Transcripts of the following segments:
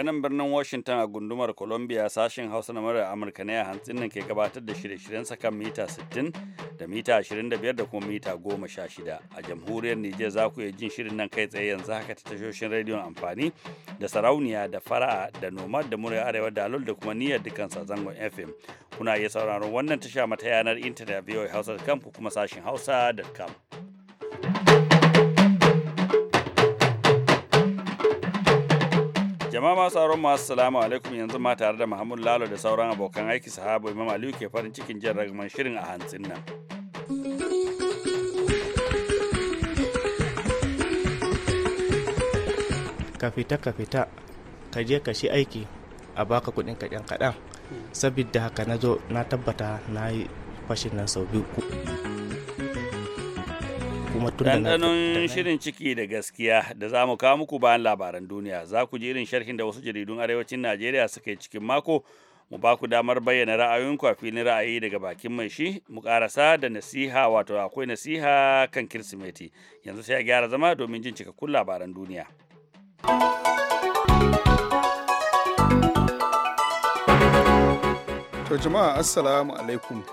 Daga birnin Washington a gundumar Columbia sashen Hausa na murar Amurka ne a ke gabatar da shirye-shiryen sakan mita 60 da mita 25 da kuma mita 16. A jamhuriyar Nijar za ku iya jin shirin nan kai tsaye yanzu haka ta tashoshin rediyon amfani da sarauniya da fara'a da nomad da murar arewa da alul da kuma niyyar dukkan zangon FM. Kuna iya sauraron wannan tasha mata yanar intanet a voahausa.com ko kuma sashen hausa.com. Jama'a masu sauran masu salamu alaikum yanzu ma tare da Muhammad Lalo da sauran abokan aiki sahabu Imam Aliyu ke farin cikin jin ragaman shirin a hantsin nan. Ka fita ka fita ka je ka shi aiki a baka kuɗin kaɗan kaɗan. Hmm. Sabida haka na zo na tabbata na yi fashin nan sau biyu. kuma tun shirin ciki da gaskiya da za mu kawo muku bayan labaran duniya za ku ji irin sharhin da wasu jaridun arewacin najeriya suka yi cikin mako mu ba ku damar bayyana ra'ayoyinku a filin ra'ayi daga bakin mai shi mu karasa da nasiha wato akwai nasiha kan kirsimeti yanzu sai a gyara zama domin jin cikakkun labaran duniya to jama'a assalamu alaikum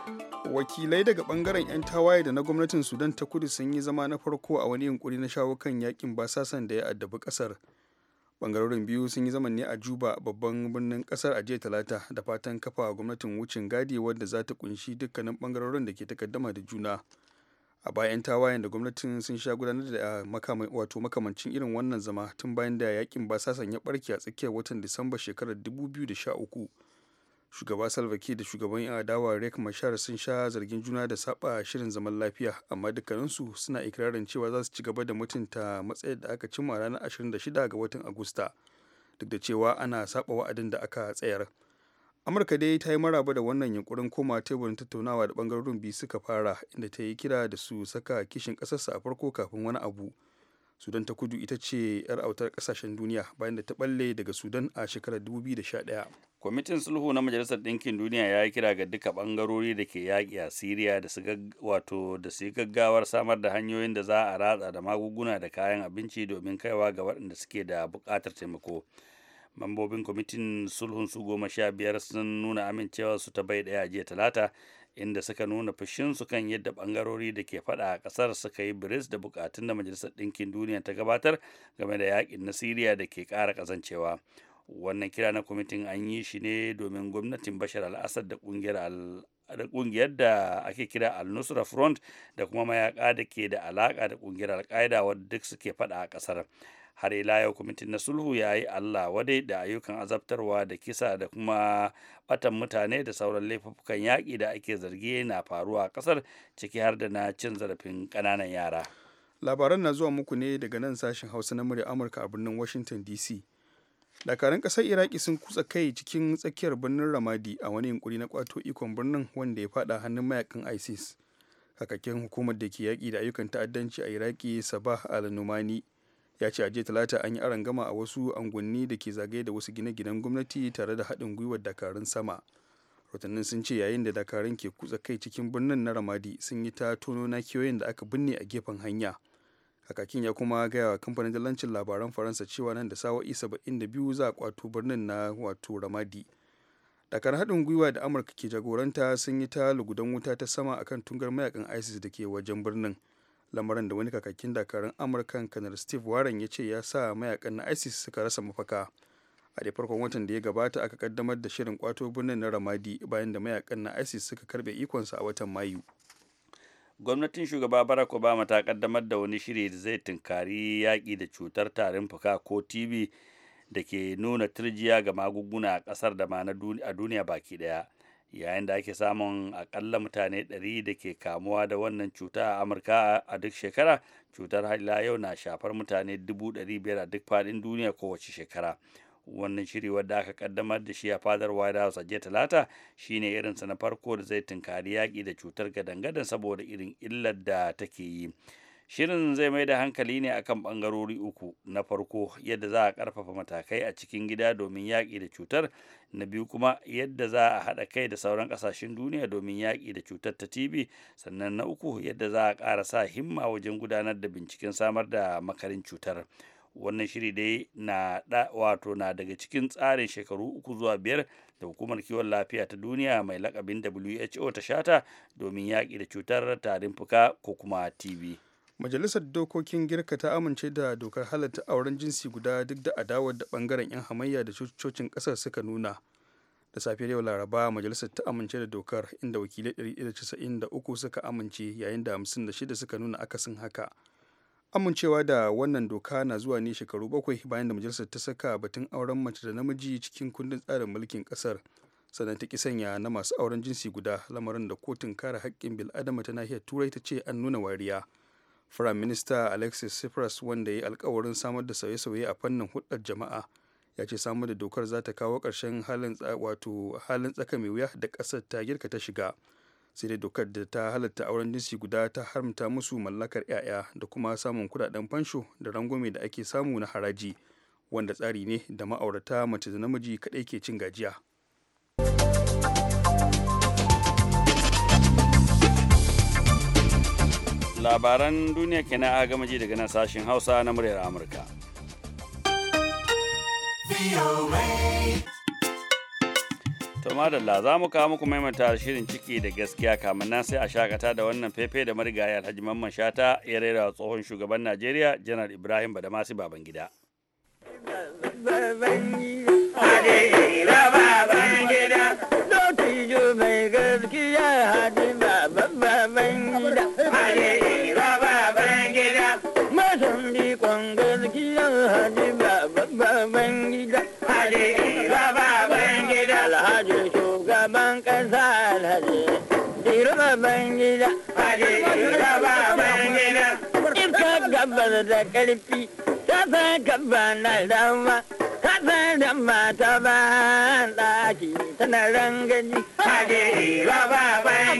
wakilai daga bangaren 'yan tawaye da na gwamnatin sudan ta kudu sun yi zama na farko a wani yunkuri na shawo kan yakin basasan da ya addabi kasar bangarorin biyu sun yi zaman ne a juba babban birnin kasar a jiya talata da fatan kafa gwamnatin wucin gadi wadda za ta kunshi dukkanin bangarorin da ke takaddama da juna a bayan tawayen da gwamnatin sun sha gudanar da ah, wato makamancin irin wannan zama tun bayan da yakin basasan ya barke a tsakiyar watan disamba shekarar 2013 shugaba salva da shugaban yan adawa rek mashar sun sha zargin juna da saba shirin zaman lafiya amma dukkaninsu suna ikirarin cewa za su ci gaba da mutunta matsayin da aka cimma ranar 26 ga watan agusta duk da cewa ana saba wa'adin da aka tsayar amurka dai ta yi maraba da wannan yunkurin koma teburin tattaunawa da bangarorin biyu suka fara inda ta yi kira da su saka kishin kasarsa a farko kafin wani abu sudan ta kudu ita ce 'yar autar kasashen duniya bayan da ta balle daga sudan a shekarar 2011 kwamitin sulhu na majalisar ɗinkin duniya ya yi kira ga duka ɓangarori da ke yaƙi a siriya da su wato da su gaggawar samar da hanyoyin da za a ratsa da magunguna da kayan abinci domin kaiwa ga waɗanda suke da buƙatar taimako mambobin kwamitin sulhun su goma sha biyar sun nuna amincewa su ta bai ɗaya jiya talata inda suka nuna su kan yadda bangarori da ke faɗa a ƙasar suka yi biris da bukatun da majalisar ɗinkin duniya ta gabatar game da yakin na siriya da ke ƙara ƙazancewa wannan kira na kwamitin an yi shi ne domin gwamnatin bashar al-assad da kungiyar da ake kira al-nusra front da kuma mayaka da ke da alaka da kungiyar al-qaida wadda duk suke fada a kasar har ila yau kwamitin na sulhu ya yi allah wadai da ayyukan azabtarwa da kisa da kuma batan mutane da sauran laifukan yaƙi da ake zargi na faruwa a kasar ciki har da na cin zarafin ƙananan yara labaran na zuwa muku ne daga nan sashen hausa na murya amurka a birnin washington dc dakarun kasar iraki sun kutsa kai cikin tsakiyar birnin ramadi a wani yunkuri na kwato ikon birnin wanda ya fada hannun mayakan isis kakakin hukumar da ke yaƙi da ayyukan ta'addanci a iraki sabah al-numani ya ce a jiya talata an yi arangama a wasu angonni da ke zagaye da wasu gine-ginen gwamnati tare da haɗin gwiwar dakarun sama rotannin sun ce yayin da dakarun ke kutsa kai cikin birnin na ramadi sun yi ta tono kiyoyin da aka binne a gefen hanya hakakin ya kuma gaya wa kamfanin dalancin labaran faransa cewa nan da sawa'i biyu za a kwato birnin na wato ramadi dakar haɗin gwiwa da amurka ke jagoranta sun yi ta lugudan wuta ta sama akan tungar mayakan isis da ke wajen birnin lamarin da wani kakakin dakarun amurkan kanar steve warren ya ce ya sa mayakan na isis suka rasa mafaka a da farkon watan da ya gabata aka kaddamar da shirin kwato birnin na ramadi bayan da mayakan na isis suka karbe ikonsa a watan mayu gwamnatin shugaba barack obama ta kaddamar da wani shiri da zai tunkari yaƙi da cutar tarin fuka ko TV da ke nuna turjiya ga magunguna a ƙasar da ma a duniya baki ɗaya yayin da ake samun akalla mutane 100 da ke kamuwa da wannan cuta a amurka a duk shekara cutar hala yau na shafar mutane 500 a duk faɗin duniya kowace shekara wannan shiri wadda aka kaddamar da shi a fadar white house a jiya talata shine irinsa na farko da zai tunkari yaƙi da cutar gadangadan saboda irin illar da take yi shirin zai mai da hankali ne akan bangarori uku na farko yadda za a karfafa matakai a cikin gida domin yaƙi da cutar na biyu kuma yadda za a haɗa kai da sauran ƙasashen duniya domin yaƙi da cutar ta tb sannan na uku yadda za a ƙara sa himma wajen gudanar da binciken samar da makarin cutar wannan shiri dai na da wato na daga cikin tsarin shekaru uku zuwa biyar da hukumar kiwon lafiya ta duniya mai lakabin who ta shata domin yaƙi da cutar tarin fuka ko kuma tb majalisar dokokin girka ta amince da dokar halatta auren jinsi guda duk da adawar da bangaren 'yan hamayya da cocin kasar suka nuna da safiyar yau laraba majalisar ta amince da dokar inda wakilai 193 suka amince yayin da 56 suka nuna akasin haka amincewa da wannan doka na zuwa ne shekaru bakwai bayan da majalisar ta saka batun auren mace da namiji cikin kundin tsarin mulkin kasar sannan ta ki sanya na masu auren jinsi guda lamarin da kotun kare haƙƙin bil'adama ta nahiyar turai ta ce an nuna wariya firayim minista alexis tsipras wanda ya yi alkawarin samar da sauye-sauye a fannin hulɗar jama'a ya ce samar da dokar za ta kawo ƙarshen halin tsaka mai wuya da ƙasar ta girka ta shiga sai dai dokar da ta halatta auren jinsi guda ta haramta musu mallakar 'ya'ya da kuma samun kudaden fansho da rangwame da ake samu na haraji wanda tsari ne da ma'aurata mace da namiji kadai ke cin gajiya labaran duniya kenan a gama daga nan sashen hausa na muryar amurka To madalla za mu kawo muku maimanta shirin ciki da gaskiya kamin nan sai a shakata da wannan fefe da marigayar Alhaji Mamman Shata ya rera tsohon shugaban Najeriya Janar Ibrahim Badamasi Babangida. Babangida. ta da ƙarfi ta san ka dama ka san da mata ba ɗaki tana rangaji hajeri ba ba bayan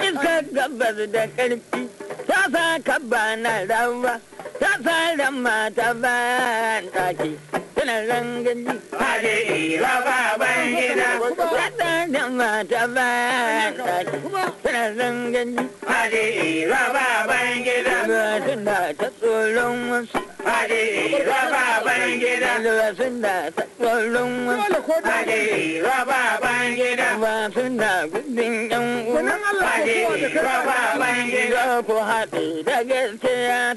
gida gabas da ƙarfi ta san ka dama ta san ba ɗaki mana rangani. Haje ila baban gida. da mata ba Mana rangani. Haje ila baban gida. da ta tsoron wasu. ila baban gida. da ta tsoron wasu. ila baban gida. da gudun ɗan uwa. ila baban gida. Ko da gaskiya.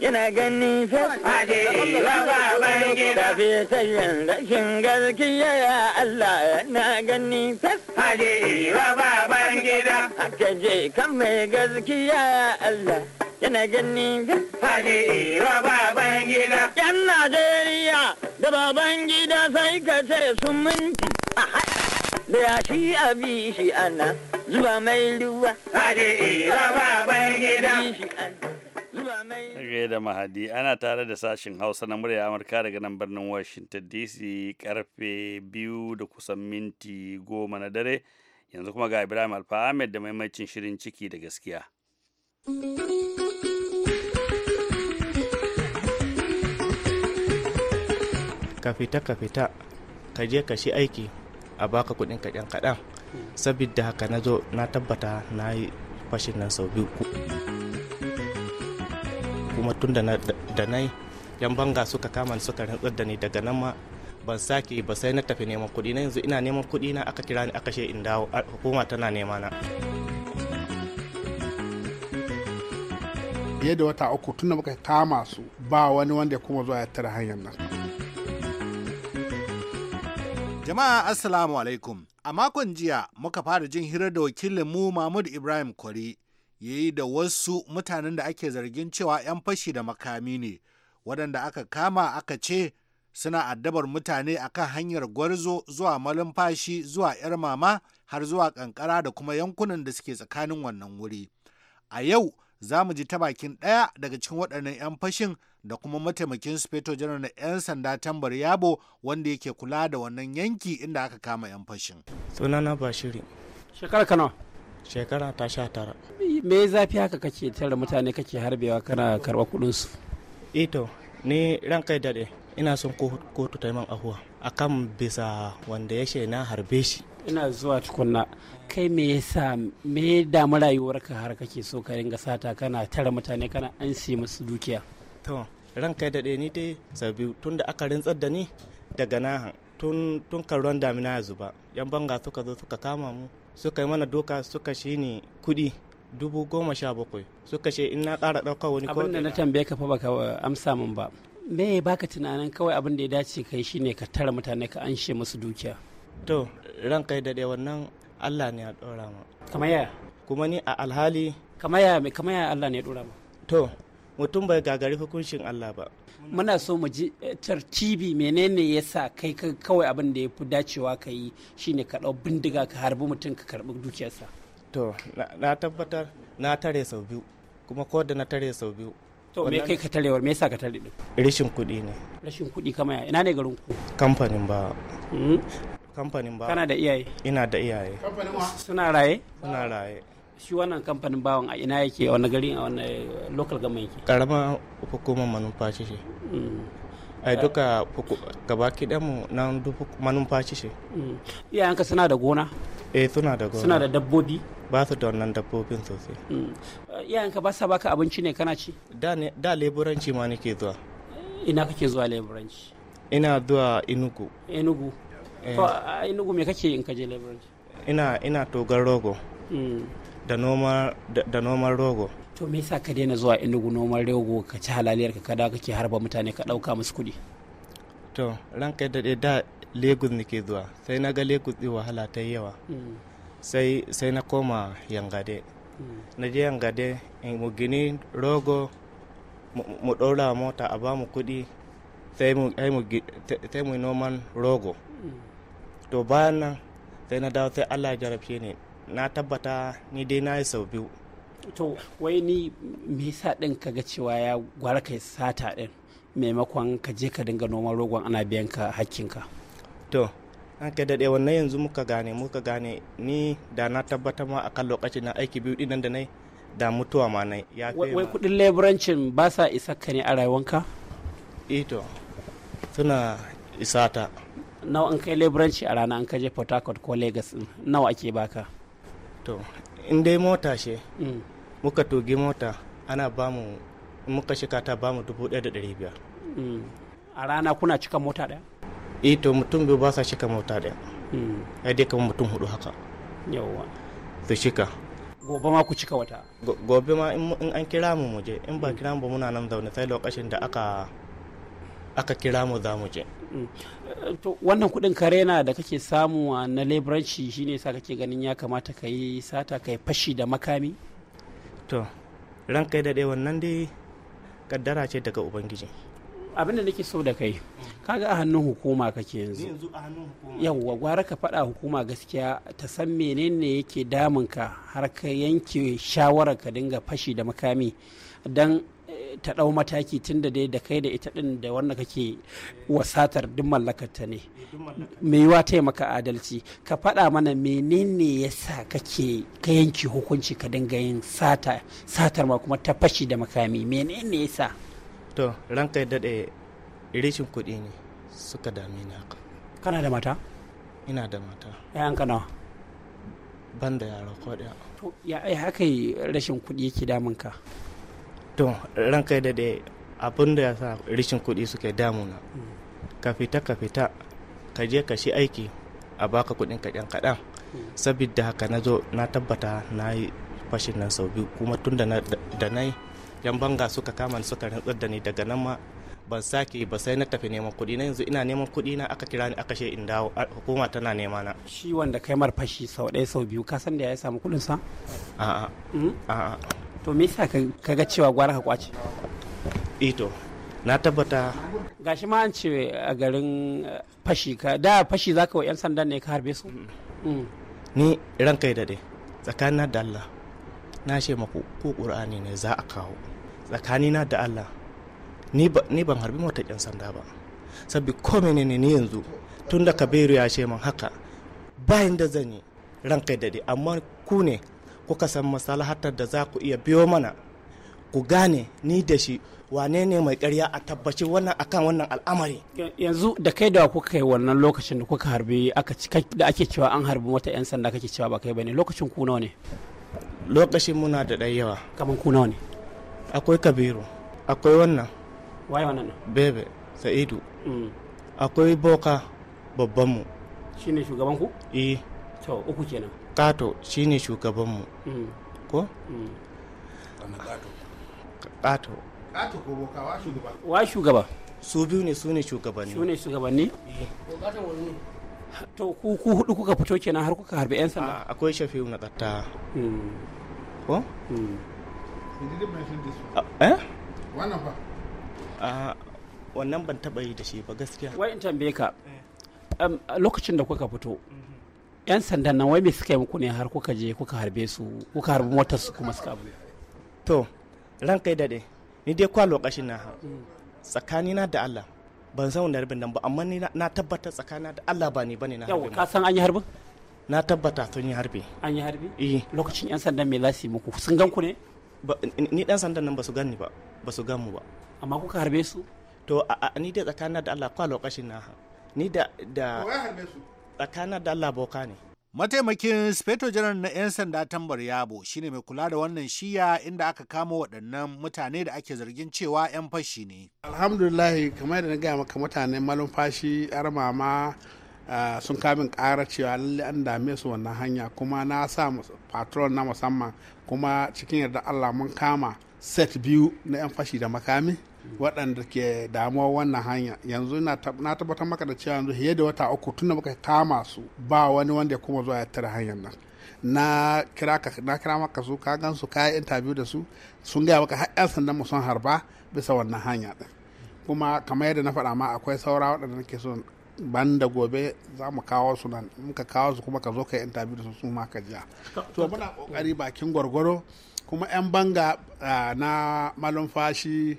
yana gani fes haɗe ya baban gida fi sayin rashin gaskiya ya Allah yana gani fes haɗe ya baban gida haka je kan mai gaskiya ya Allah yana gani fes haɗe ya baban gida yan Najeriya da baban gida sai ka ce sun minti a da ya shi a shi ana zuwa mai ruwa haɗe ya bai gida da Mahadi ana tare da sashen Hausa na murya Amurka daga nan birnin Washington DC karfe biyu da kusan minti goma na dare yanzu kuma ga Ibrahim Alfa Ahmed da maimacin shirin ciki da gaskiya. Ka fita ka fita ka je ka shi aiki a baka kudin kaɗan kaɗan sabida haka na zo na tabbata na yi fashin nan sau biyu. kuma tun da na yan banga suka kama ni suka rantsar da ni daga nan ma ban sake ba sai na tafi neman kuɗi na yanzu ina neman kuɗi na aka kira ni aka she in dawo hukuma tana nema na fiye da wata uku tun da muka kama su ba wani wanda ya kuma zuwa ya tara hanyar nan jama'a assalamu alaikum a makon jiya muka fara jin hirar da wakilinmu mahmud ibrahim kwari ya yi da wasu mutanen da ake zargin cewa 'yan fashi da makami ne waɗanda aka kama aka ce suna addabar mutane akan hanyar gwarzo zuwa malumfashi zuwa 'yar mama har zuwa kankara da kuma yankunan da suke tsakanin wannan wuri a yau za mu ji ta bakin ɗaya daga cikin waɗannan 'yan fashin da kuma mataimakin speto janar na 'yan sanda tambar yabo wanda yake kula da wannan yanki inda aka kama 'yan fashin sunana bashiri shekara shekara ta sha tara me zafi haka kake tare mutane kake harbewa kana karɓar kuɗin su ito eh ni ran kai daɗe ina son kotu ta man ahuwa akan bisa wanda ya na harbe shi ina zuwa tukunna kai me yasa me damu rayuwarka har kake so ka ringa sata kana tare mutane kana an si musu dukiya to ran kai daɗe ni dai sabi tun da aka rintsar da ni daga nahan tun tun karuwan damina ya zuba yan banga suka zo suka kama mu suka yi mana doka suka shi ne kuɗi dubu goma sha bakwai suka ce ina ƙara ɗauka wani abin da na tambaye ka fa baka uh, amsa min ba me ya baka tunanin kawai abin da ya dace kai shine ka tara mutane ka anshe musu dukiya to ran kai da wannan Allah ne ya ɗora ma kamar ya kuma ni a alhali kamar ya kamar ya Allah ne ya ɗora ma to mutum bai gagari hukuncin Allah ba muna so mu ji eh, tartibi menene ya sa kai kawai abin da ya fi dacewa ka yi shine ka ɗau bindiga ka harbi mutum ka karɓi dukiyarsa to na tabbatar na tare sau biyu kuma ko da na tare sau biyu to me kai ka tarewar me yasa ka tare din rashin kuɗi ne rashin kuɗi kama ya ina ne garin ku kamfanin ba hmm? kamfanin ba kana da iyaye ina da iyaye kamfanin suna raye suna raye shi wannan kamfanin bawan a ina yake a wani gari a wani local government yake karama hukumar manumfashi ce mm. ai duka gabaki mu nan manumfashi ce mm. iyayenka suna da gona eh suna da gona suna da dabbobi ba su da wannan dabbobin sosai mm. iyayenka ba sa baka abinci ne kana ci da leburanci ma nake zuwa ina kake zuwa leburanci ina zuwa inugu inugu eh. a inugu me kake in ka je leburanci ina ina togar rogo da noman rogo to me yasa ka daina zuwa inugu noman rogo ka ci halaliyar ka kada kake harba mutane ka dauka musu kuɗi to kai da da lagos nake zuwa sai na ga lagos wahala ta yawa mm. sai sai na koma yangade mm. na je yangade mu gini rogo mu ɗora mota a ba mu kuɗi sai mu noman rogo mm. to bayan nan sai na dawo sai allah jarabce ne na tabbata ni dai na yi sau biyu to wai ni me yasa din kaga cewa ya gwara kai sata din maimakon ka je ka dinga noman rogon ana biyan ka ka to an ka daɗe wannan yanzu muka gane muka gane ni da na tabbata ma akan lokacin na aiki biyu dinan da nai da mutuwa ma nai ya wai kudin leburancin ba sa isa ka ne a rayuwanka ito eh suna isata nawa an kai leburanci a rana an kaje port harcourt ko lagos nawa ake baka to in dai mota ce mm. muka togi mota ana ba mu muka shika ta ba mu dubu ɗaya da ɗari biyar mm. a rana kuna cika mota ɗaya eh to mutum biyu ba sa cika mota ɗaya ya mm. dai kamar mutum hudu haka yawwa su shika gobe ma ku cika wata gobe ma in an kira mu muje in ba kira mu ba muna nan zaune sai lokacin da aka aka kira mu za mu je mm. eh, to wannan kuɗin kare na da kake samu na leburanci shine sa kake ganin ya kamata ka yi sata ka fashi da makami to ran kai da wannan dai kaddara ce daga ubangiji abin da nake so da kai kaga a hannun hukuma kake yanzu yawwa gwara ka faɗa hukuma gaskiya ta san menene yake damunka har ka yanke shawarar ka dinga fashi da makami don ta ɗau mataki tun da dai da kai da ita ɗin da wannan kake wasatar duk mallakarta ne me yiwa taimaka adalci ka faɗa mana menene sa kake ka yanke hukunci ka dinga yin sata satar ma kuma ta fashi da makami menene sa to ranka daɗe rashin kuɗi ne suka dame ni haka kana da mata ina da mata yayan ka nawa ban da yara ko ɗaya to ya haka rashin kuɗi yake damun ka to ran kai da abin da ya sa rishin kuɗi suke damuna mm. ka fita ka fita ka je ka shi aiki a baka kuɗin kaɗan kaɗan mm. saboda haka na zo na tabbata na yi fashin nan sau biyu kuma tun da na yi yan banga suka kama ni suka rantsar da ni daga nan ma ban sake ba sai na tafi neman kuɗi na yanzu ina neman kuɗi na aka kira ni aka ce in dawo hukuma tana nema na shi wanda kai mar fashi sau ɗaya sau biyu ka san da ya samu kuɗin sa a'a mm? a'a to me yasa ka ga cewa gwara ka kwace ito eh na tabbata gashi ma an ce a garin eh, fashi ka da fashi zaka wa yan sandan ne ka harbe su mm. Mm. ni ran kai dai tsakanin da Allah na ce maku ko qur'ani ne za a kawo tsakanina da Allah ni ban harbi mota yan sanda ba sabbi ko menene ne yanzu tun da kabiru ya ce man haka bayan da zan yi ran kai dai amma ku ne kuka san masalahatar da za ku iya biyo mana ku gane ni da shi wane ne mai karya a tabbaci wannan akan wannan al'amari yanzu da kai da kuka kai wannan lokacin da kuka harbi aka da ake cewa an harbi wata yan sanda kake cewa ba kai bane lokacin ku nawa ne lokacin muna da dai yawa kaman ku nawa ne akwai kabiru akwai wannan waye wannan bebe sa'idu mm. akwai boka babbanmu shine shugaban ku eh to uku kenan kato shine shugabanmu mm. ko mm. kato kato ko wa shugaba wa shugaba su biyu ne su ne shugabanni su ne shugabanni eh, to ku hudu kuka fito kenan har kuka harbi yan sanda akwai shafi na tsatta mm. ko eh? wannan wannan ban taba yi da shi ba gaskiya wai in tambaye ka eh. lokacin da kuka fito mhm. yan sandan nan wai me suka yi muku ne har kuka je kuka harbe su kuka harbi motar su kuma suka abu to ran kai dade ni dai kwa lokacin na ha na da Allah ban san wannan harbin nan ba amma ni na tabbata na da Allah ba ni bane na harbin ka san an yi harbin na tabbata sun yi harbi an yi harbi eh lokacin yan sandan me lasi muku sun gan ku ne ni dan sandan nan ba su gani ba ba su gan mu ba amma kuka harbe su to ni da na da Allah kwa lokacin na ha ni da da harbe su tsakanin da Allah boka ne Mataimakin Speto Janar na 'yan sanda tambar yabo shine mai kula da wannan shiya inda aka kama waɗannan mutane da ake zargin cewa 'yan fashi ne. Alhamdulillah kamar yadda na gaya maka mutane malin fashi yar mama ah, sun kamin ƙara cewa lalle an dame su wannan hanya kuma na sa patron na musamman kuma cikin yarda Allah mun kama set biyu na 'yan fashi da makami waɗanda ke damuwa wannan hanya yanzu na tabbatar maka da cewa yanzu fiye da wata uku tunda muka kama su ba wani wanda ya kuma zuwa ya tara hanyar nan na kira ka na kira maka su ka gan su ka yi interview da su sun gaya maka har 'yan sandan mu sun harba bisa wannan hanya din kuma kamar yadda na faɗa ma akwai saura waɗanda nake so ban da gobe za mu kawo su nan muka kawo su kuma ka zo ka yi interview da su su ma ka jiya to muna kokari bakin gwargwaro kuma 'yan banga ah, na malumfashi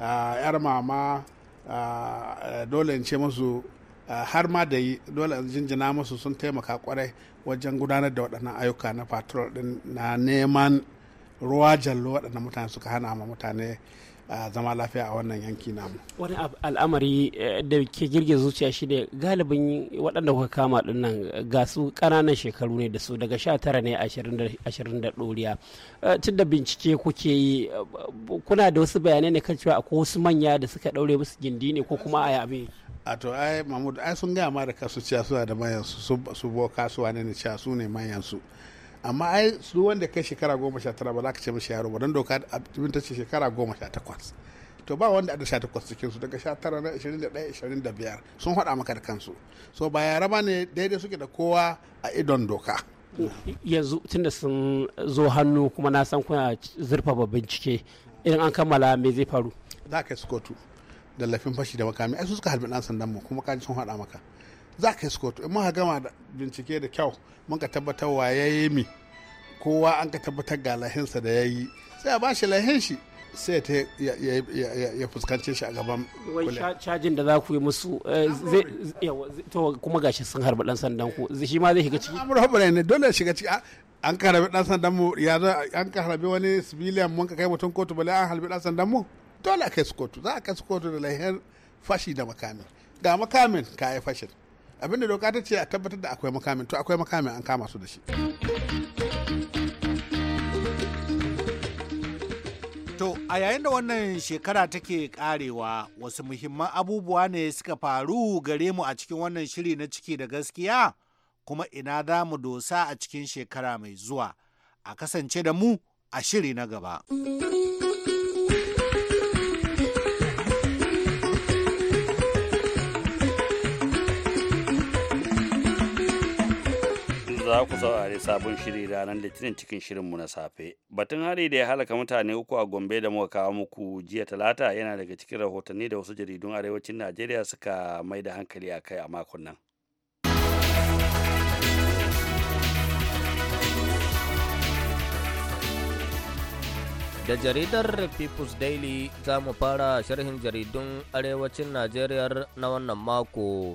ah, yar mama ah, dole in ce musu har ma da yi dole jinjina musu sun taimaka kwarai wajen gudanar da waɗannan ayyuka na patrol din na neman ruwa jallo waɗannan mutane suka hana ma mutane zama lafiya a wannan yanki namu wani al'amari eh, da ke girge zuciya shi ne galibin waɗanda kuka kama dinnan ga su ƙananan shekaru ne da su daga sha tara ne ashirin da ɗoriya eh, tun da bincike kuke yi eh, kuna da wasu bayanai ne kan cewa akwai wasu manya da suka ɗaure musu gindi ne ko kuma a yabe a to ai mahmud ai sun gaya ma da kasu ciya suna da manyan su su bo kasuwa ne ne ciya su ne manyan su amma ai su wanda kai shekara goma sha tara ba za ka ce mashi yaro ba don doka abin ta ce shekara goma sha takwas to ba wanda da sha takwas cikinsu daga sha tara na ishirin da ɗaya ishirin da biyar sun haɗa maka da kansu so ba yara ba ne daidai suke da kowa a idon doka yanzu tunda sun zo hannu kuma na san kuna zurfafa bincike idan an kammala me zai faru za ka yi su kotu da lafin fashi da makami ai su suka halbi ɗan sandan mu kuma kaji sun haɗa maka za ka isko in muka gama da bincike da kyau mun ka tabbatar wa ya yi mi kowa an ka tabbatar ga lahinsa da ya yi sai a ba shi lahin shi sai ta ya fuskance shi a gaban wai cajin da za ku yi musu eh, zai to kuma gashi sun harba dan sandan ku shi ma zai shiga ciki amur hobare ne dole shiga ciki an ka harbi dan sandan mu ya an ka harbi wani civilian mun ka kai mutum kotu bale an harbi dan sandan mu dole a kai su kotu za a kai su kotu da lahin fashi da makami ga makamin ka yi fashin abinda doka ta ce a tabbatar da akwai makamin to akwai makamin an kama su da shi To a yayin da wannan shekara take karewa wasu muhimman abubuwa ne suka faru gare mu a cikin wannan shiri na ciki da gaskiya kuma ina za mu dosa a cikin shekara mai zuwa a kasance da mu a shiri na gaba. za ku saurari sabon shiri ranar litinin cikin shirinmu na safe batun hari da ya halaka mutane uku a gombe da muka kawo muku jiya talata yana daga cikin rahotanni da wasu jaridun arewacin najeriya suka mai da hankali a kai a makon nan da jaridar people's daily za mu fara sharhin jaridun arewacin najeriya na wannan mako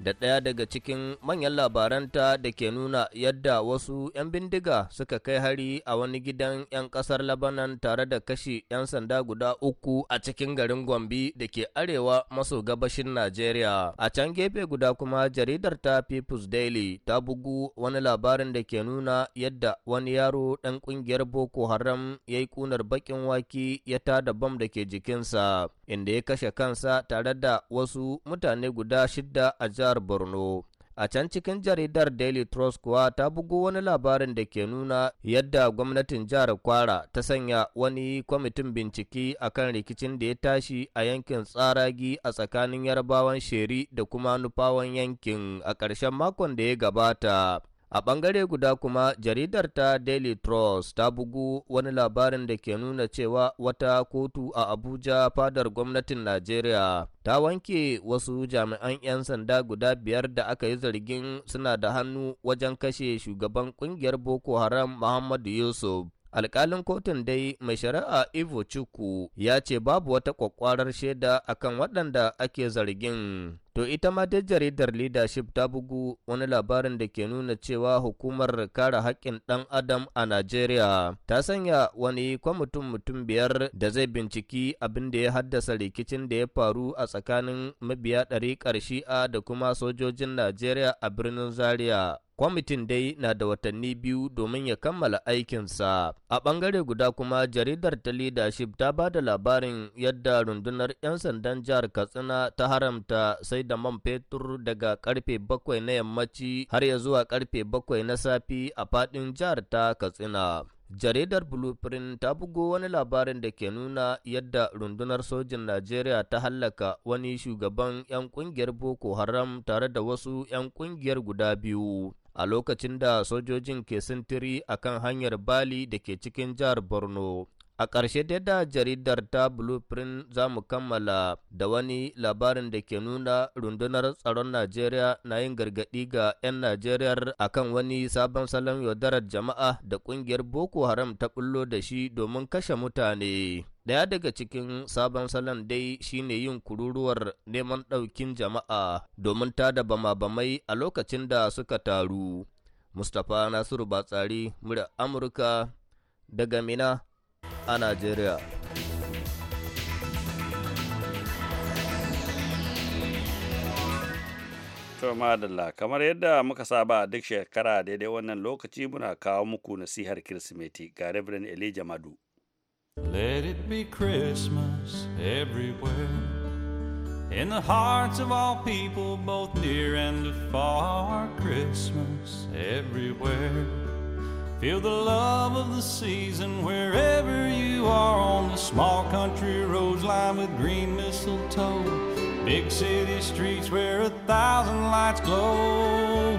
da ɗaya daga cikin manyan labaranta da ke nuna yadda wasu 'yan bindiga suka kai hari a wani gidan 'yan ƙasar Labanan tare da kashi 'yan sanda guda uku a cikin garin Gombe da ke arewa maso gabashin Najeriya. A can gefe guda kuma jaridar ta People's Daily ta bugu wani labarin da ke nuna yadda wani yaro ɗan ƙungiyar Boko Haram ya yi ƙunar baƙin waki ya tada bam da ke jikinsa, inda ya kashe kansa tare da wasu mutane guda shidda a jihar jihar Borno. A can cikin jaridar Daily Trust kuwa ta bugu wani labarin da ke nuna yadda gwamnatin jihar Kwara ta sanya wani kwamitin bincike kan rikicin da ya tashi a yankin tsaragi a tsakanin yarbawan sheri da kuma nufawan yankin a ƙarshen makon da ya gabata. A ɓangare guda kuma jaridar ta Daily Trust ta bugu wani labarin da ke nuna cewa wata kotu a Abuja fadar gwamnatin Najeriya ta wanke wasu jami'an 'yan sanda guda biyar da aka yi zargin suna da hannu wajen kashe shugaban ƙungiyar Boko Haram Muhammadu Yusuf. alkalin kotun dai mai shari'a Ivo Chukwu ya ce babu wata kwakwarar shaida akan waɗanda ake zargin. To ita ma dai jaridar leadership ta bugu wani labarin da ke nuna cewa hukumar kare haƙƙin ɗan adam a Najeriya ta sanya wani kwamitin mutum biyar da zai binciki abin da ya haddasa rikicin da ya faru a tsakanin mabiya ɗariƙar shi'a da kuma sojojin Najeriya a birnin Zaria. kwamitin dai na da watanni biyu domin ya kammala aikinsa. A bangare guda kuma jaridar ta leadership ta ba da labarin yadda rundunar 'yan sandan jihar Katsina ta haramta sai sai da man fetur daga karfe bakwai na yammaci har ya zuwa karfe bakwai na safi a faɗin jihar ta Katsina. Jaridar Blueprint ta bugo wani labarin da ke nuna yadda rundunar sojin Najeriya ta hallaka wani shugaban 'yan kungiyar Boko Haram tare da wasu 'yan kungiyar guda biyu. A lokacin da sojojin ke sintiri a kan hanyar Bali da ke cikin jihar Borno, A ƙarshe dai da jaridar ta Blueprint za mu kammala da wani labarin da ke nuna rundunar tsaron Najeriya na yin gargaɗi ga 'yan Najeriya a kan wani sabon salon yaudarar jama'a da ƙungiyar Boko Haram ta ɓullo da shi domin kashe mutane. Ɗaya daga cikin sabon salon dai shine yin kururuwar neman ɗaukin jama'a domin ta bama-bamai a lokacin da suka taru. Mustapha Nasiru Batsari, Amurka, daga Mina. a Najeriya. To madalla kamar yadda muka saba duk shekara daidai wannan lokaci muna kawo muku nasihar Kirsimeti ga Reverend Elijah Madu. Let it be Christmas everywhere in the hearts of all people both near and far Christmas everywhere. Feel the love of the season wherever you are on the small country roads lined with green mistletoe. Big city streets where a thousand lights glow.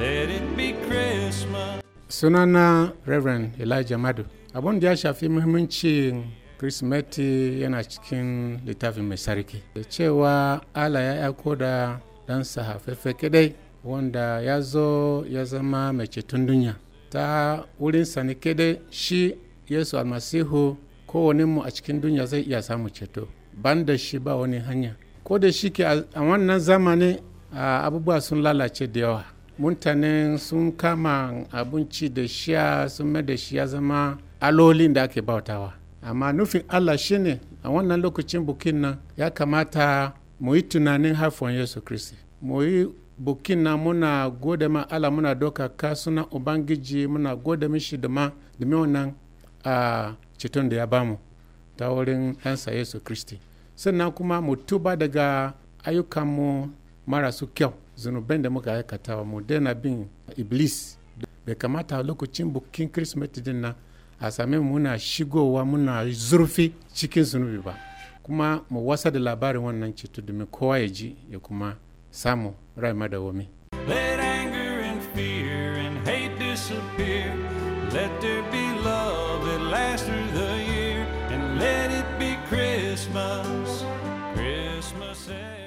Let it be Christmas. Sunana Reverend Elijah Madu. Abun da ya shafi muhimmancin Kirsimeti yana cikin littafin mai sarki. Da cewa Allah ya aiko da ɗansa hafefe kadai wanda ya zo ya zama mai ceton duniya. ta wurin sani kadai shi yesu almasihu mu a cikin duniya zai iya samu ceto ban da shi ba wani hanya ko da shi ke a wannan zamani abubuwa sun lalace da yawa mutane sun kama abinci da shiya sun mai da shi ya zama alolin da ake bautawa amma nufin allah shine a wannan lokacin bukin nan ya kamata mu yi tunanin haifon yesu kristi mu yi bukin na muna gode ma ala muna doka ka ubangiji muna gode mishi da ma domin wannan a ceton da ya bamu ta wurin ɗansa yesu kristi sannan kuma mu tuba daga mu marasu kyau zunuban da muka katawa mu daina bin iblis bai kamata lokacin bukin kirsimeti din na a same muna shigowa muna zurfi cikin zunubi ba kuma mu wasa da labarin wannan ceto domin kowa ya ji ya kuma samu rai madawwami Let anger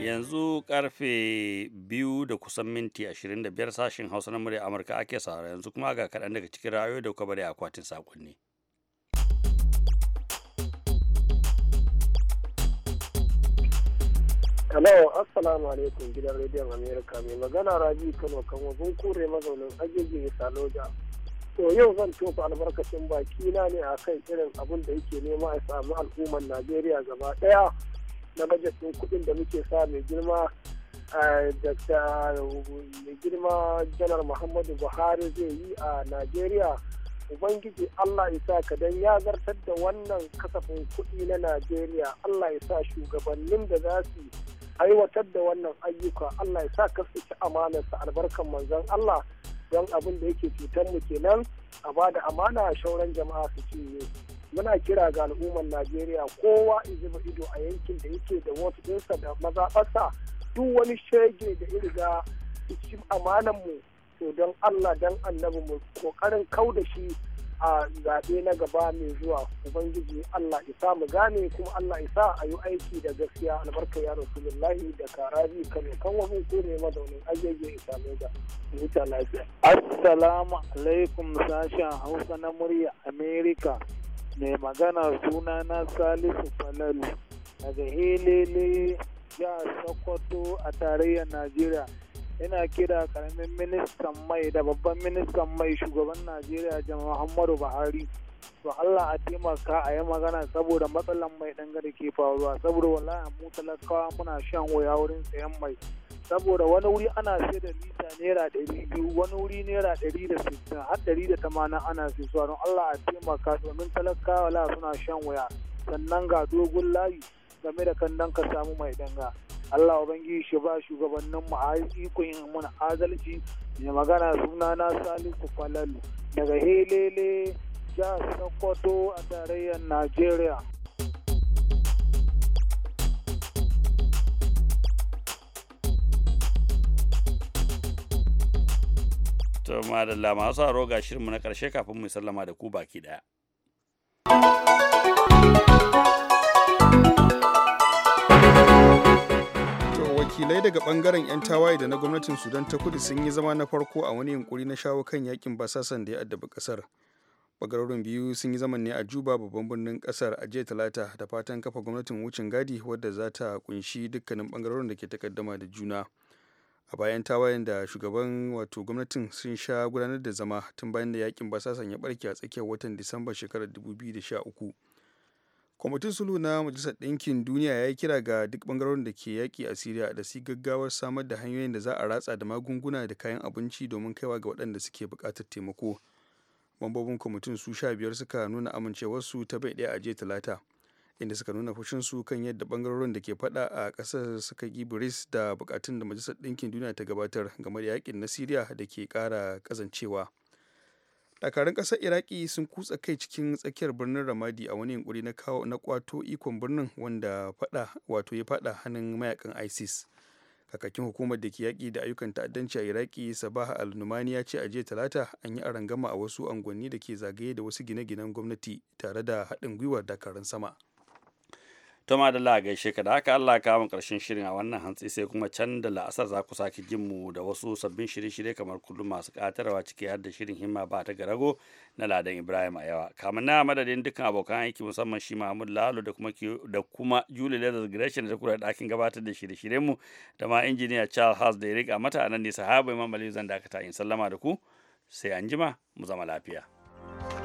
Yanzu karfe biyu da kusan minti 25 sashen Hausa na murya Amurka ake sa yanzu kuma ga kaɗan daga cikin rayuwa da kuma bari akwatin sakonni. Hello, assalamu alaikum gidan rediyon Amerika mai magana Rabi Kano kan wajen kure mazaunin agege Saloja. To yau zan tofa albarkacin baki na ne a kan irin abin da yake nema a samu al'ummar Najeriya gaba ɗaya na bajetin kuɗin da muke sa mai girma mai girma janar Muhammadu Buhari zai yi a Najeriya. Ubangiji Allah isa ka don ya zartar da wannan kasafin kuɗi na Najeriya Allah isa shugabannin da za su aiwatar da wannan ayyuka Allah ya sa ka ci amanarsa albarkan manzon Allah don abin da yake cutar mu kenan a ba da amana a shauran jama'a su cinye muna kira ga al'ummar Najeriya kowa zuba ido a yankin da yake da wasu ɗinsa da mazaɓarsa duk wani shege da iriga ci amanan mu to don Allah dan annabi mu kokarin kau da shi a zaɓe na gaba mai zuwa ubangiji allah isa mu gane kuma allah isa a yi aiki da gaskiya albarka ya rasulullahi da karabi kano kan wani ko ne mazaunin isa da mita lafiya assalamu alaikum sashen hausa na murya Amerika mai magana suna na salisu falalu daga helele ya sokoto a tarayyar najeriya ina kira karamin ministan mai da babban ministan mai shugaban najeriya jan muhammadu buhari to allah a taimaka a yi magana saboda matsalan mai ɗanga da ke faruwa saboda wallahi mu talakawa muna shan waya wurin sayan mai saboda wani wuri ana sai da lita naira ɗari biyu wani wuri naira ɗari da sittin har ɗari da tamanin ana sai don allah a taimaka domin talakawa la suna shan waya sannan ga dogon layi game da kan ka samu mai danga Allah Ubangiji shi ba shugabannin mu a ikon yin mana adalci mai magana suna na Salisu Falalu daga Helele jihar Sokoto a tarayyar Najeriya. To madalla masu haro ga shirinmu na ƙarshe kafin mu sallama da ku baki ɗaya. wakilai daga bangaren 'yan tawaye da na gwamnatin sudan ta kudu sun yi zama na farko a wani yunkuri na shawo kan yakin basasan da ya addabi kasar bagarorin biyu sun yi zaman ne a juba babban birnin kasar a jiya talata da fatan kafa gwamnatin wucin gadi wadda za ta kunshi dukkanin bangarorin da ke takaddama da juna a bayan tawayen da shugaban wato gwamnatin sun sha gudanar da zama tun bayan da yakin basasan ya barke a tsakiyar watan disamba shekarar 2013 kwamitin sulhu na majalisar ɗinkin duniya ya yi kira ga duk ɓangarorin da ke yaƙi a siriya da su gaggawar samar da hanyoyin da za a ratsa da magunguna da kayan abinci domin kaiwa ga waɗanda suke buƙatar taimako mambobin kwamitin su sha biyar suka nuna amincewarsu ta bai ɗaya a jiya talata inda suka nuna su kan yadda ɓangarorin da ke faɗa a ƙasar suka yi biris da buƙatun da majalisar ɗinkin duniya ta gabatar game da yaƙin na siriya da ke ƙara ƙazancewa. dakarun ƙasar iraki sun kutsa kai cikin tsakiyar birnin ramadi a wani yunkuri na kawo na kwato ikon birnin wanda fada wato ya fada hannun mayakan isis kakakin hukumar da ke yaƙi da ayyukan ta'addanci a iraki sabaha al-numani ya ce a jiya talata an yi arangama a wasu angonni da ke zagaye da wasu gine-ginen gwamnati tare da haɗin gwiwar dakarun sama to ma da la gaishe ka da haka Allah ka mu karshen shirin a wannan hantsi sai kuma can da la'asar za ku sake jin mu da wasu sabbin shirye-shirye kamar kullum masu katarwa ciki har da shirin himma ba ta garago na ladan Ibrahim a yawa kamun na madadin dukkan abokan aiki musamman shi Mahmud Lalo da kuma da kuma Julie Leather Gresham da kura dakin gabatar da shirye-shiryen mu da ma injiniya Charles Haas da ya Amata mata anan ne sahaba Imam Ali zan dakata in sallama da ku sai anjima mu zama lafiya. thank you